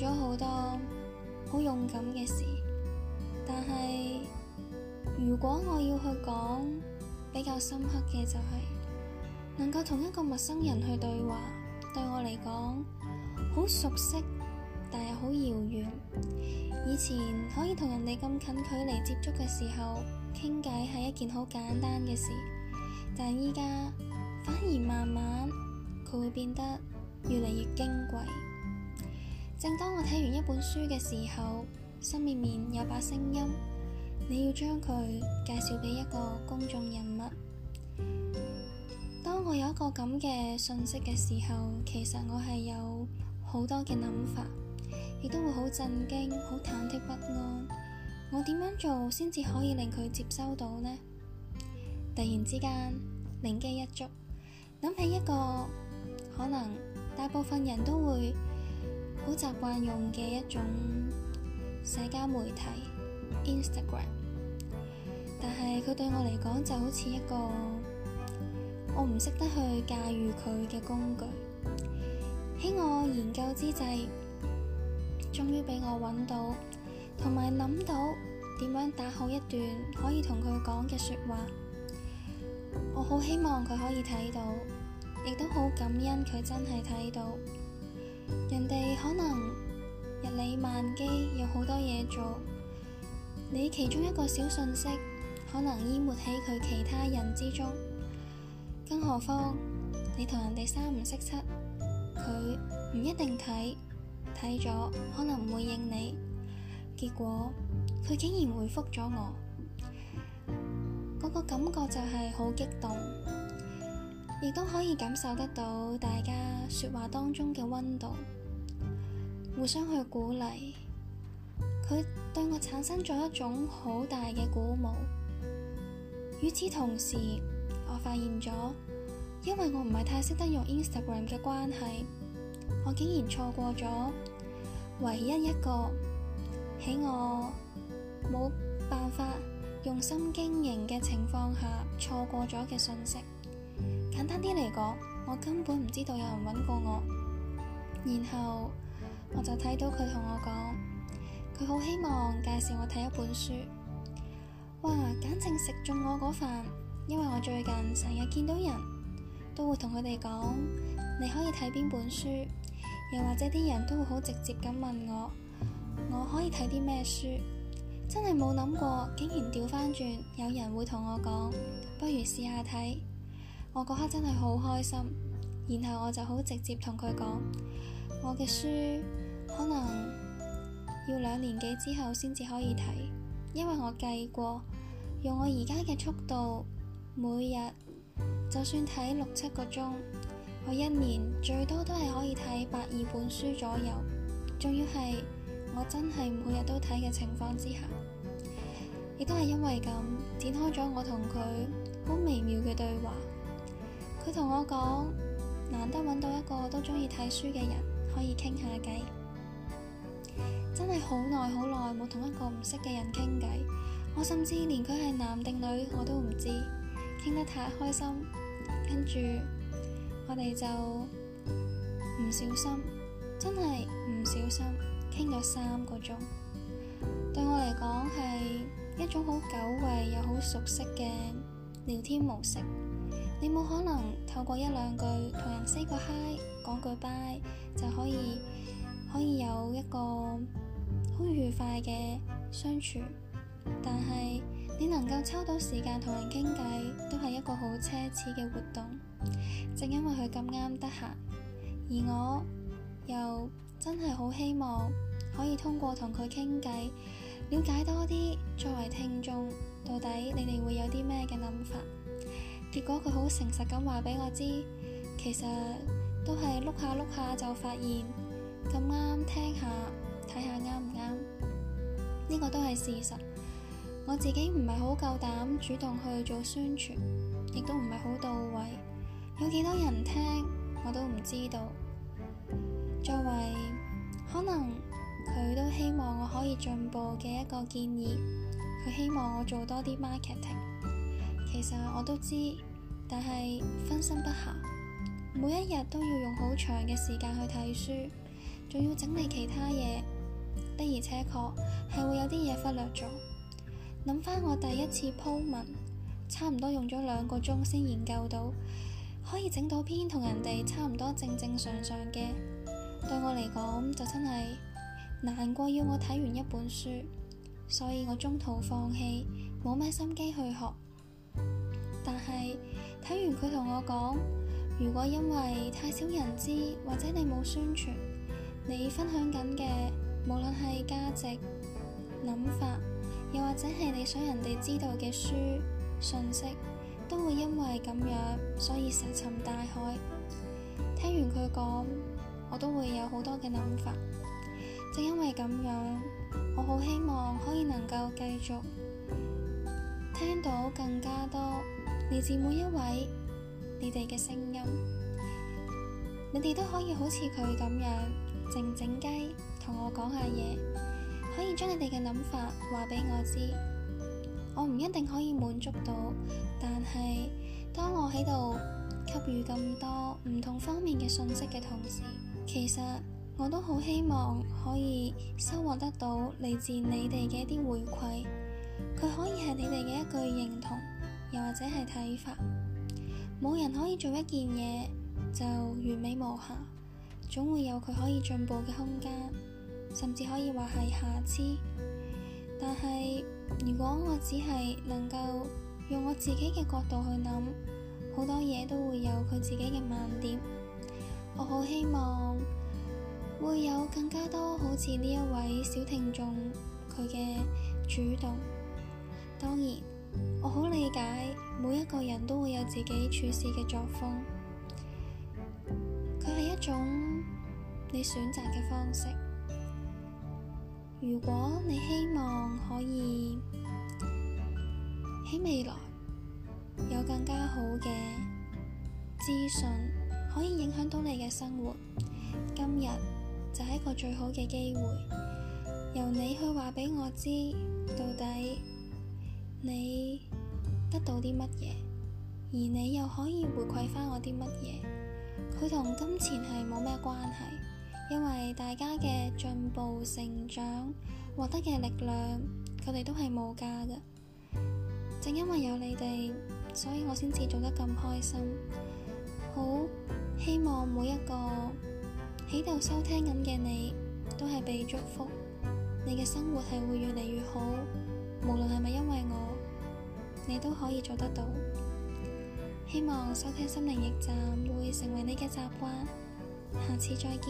咗好多好勇敢嘅事，但係如果我要去講比較深刻嘅，就係，就係能夠同一個陌生人去對話，對我嚟講好熟悉，但係好遙遠。以前可以同人哋咁近距離接觸嘅時候，傾偈係一件好簡單嘅事，但依家反而慢慢佢會變得越嚟越矜貴。正當我睇完一本書嘅時候，心面面有把聲音，你要將佢介紹俾一個公眾人物。當我有一個咁嘅信息嘅時候，其實我係有好多嘅諗法，亦都會好震驚、好忐忑不安。我點樣做先至可以令佢接收到呢？突然之間，靈機一觸，諗起一個可能，大部分人都會。好習慣用嘅一種社交媒體 Instagram，但係佢對我嚟講就好似一個我唔識得去駕馭佢嘅工具。喺我研究之際，終於俾我揾到，同埋諗到點樣打好一段可以同佢講嘅說話。我好希望佢可以睇到，亦都好感恩佢真係睇到。人哋可能日理萬機，有好多嘢做，你其中一個小信息，可能淹沒喺佢其他人之中。更何況你同人哋三唔識七，佢唔一定睇，睇咗可能唔會應你。結果佢竟然回覆咗我，嗰個感覺就係好激動。亦都可以感受得到大家說話當中嘅溫度，互相去鼓勵。佢對我產生咗一種好大嘅鼓舞。與此同時，我發現咗，因為我唔係太識得用 Instagram 嘅關係，我竟然錯過咗唯一一個喺我冇辦法用心經營嘅情況下錯過咗嘅信息。簡單啲嚟講，我根本唔知道有人揾過我，然後我就睇到佢同我講，佢好希望介紹我睇一本書。哇，簡直食中我嗰飯，因為我最近成日見到人都會同佢哋講，你可以睇邊本書，又或者啲人都會好直接咁問我，我可以睇啲咩書？真係冇諗過，竟然調返轉，有人會同我講，不如試下睇。我嗰刻真係好開心，然後我就好直接同佢講，我嘅書可能要兩年幾之後先至可以睇，因為我計過用我而家嘅速度，每日就算睇六七個鐘，我一年最多都係可以睇百二本書左右，仲要係我真係每日都睇嘅情況之下，亦都係因為咁展開咗我同佢好微妙嘅對話。佢同我講，難得揾到一個都鍾意睇書嘅人，可以傾下偈。真係好耐好耐冇同一個唔識嘅人傾偈。我甚至連佢係男定女我都唔知。傾得太開心，跟住我哋就唔小心，真係唔小心傾咗三個鐘。對我嚟講，係一種好久違又好熟悉嘅聊天模式。你冇可能透過一兩句同人 say 個 hi，講句 bye 就可以可以有一個好愉快嘅相處。但係你能夠抽到時間同人傾偈，都係一個好奢侈嘅活動。正因為佢咁啱得閒，而我又真係好希望可以通過同佢傾偈，了解多啲作為聽眾到底你哋會有啲咩嘅諗法。結果佢好誠實咁話畀我知，其實都係碌下碌下就發現，咁啱聽下，睇下啱唔啱，呢個都係事實。我自己唔係好夠膽主動去做宣傳，亦都唔係好到位，有幾多人聽我都唔知道。作為，可能佢都希望我可以進步嘅一個建議，佢希望我做多啲 marketing。其實我都知，但係分身不下，每一日都要用好長嘅時間去睇書，仲要整理其他嘢，的而且確係會有啲嘢忽略咗。諗翻我第一次鋪文，差唔多用咗兩個鐘先研究到，可以整到篇同人哋差唔多正正常常嘅。對我嚟講就真係難過，要我睇完一本書，所以我中途放棄，冇咩心機去學。睇完佢同我講，如果因為太少人知，或者你冇宣傳，你分享緊嘅，無論係價值、諗法，又或者係你想人哋知道嘅書、信息，都會因為咁樣，所以石沉大海。聽完佢講，我都會有好多嘅諗法。正因為咁樣，我好希望可以能夠繼續聽到更加多。嚟自每一位你哋嘅聲音，你哋都可以好似佢咁樣靜靜雞同我講下嘢，可以將你哋嘅諗法話俾我知。我唔一定可以滿足到，但係當我喺度給予咁多唔同方面嘅信息嘅同時，其實我都好希望可以收穫得到嚟自你哋嘅一啲回饋。佢可以係你哋嘅一句認同。又或者係睇法，冇人可以做一件嘢就完美無瑕，總會有佢可以進步嘅空間，甚至可以話係瑕疵。但係如果我只係能夠用我自己嘅角度去諗，好多嘢都會有佢自己嘅盲點。我好希望會有更加多好似呢一位小聽眾佢嘅主動，當然。我好理解每一個人都會有自己處事嘅作風，佢係一種你選擇嘅方式。如果你希望可以喺未來有更加好嘅資訊，可以影響到你嘅生活，今日就係一個最好嘅機會，由你去話俾我知到底，你得到啲乜嘢，而你又可以回饋翻我啲乜嘢？佢同金錢係冇咩關係，因為大家嘅進步、成長、獲得嘅力量，佢哋都係無價㗎。正因為有你哋，所以我先至做得咁開心。好希望每一個喺度收聽緊嘅你，都係被祝福，你嘅生活係會越嚟越好。你都可以做得到，希望收聽《心靈驛站》會成為你嘅習慣，下次再見。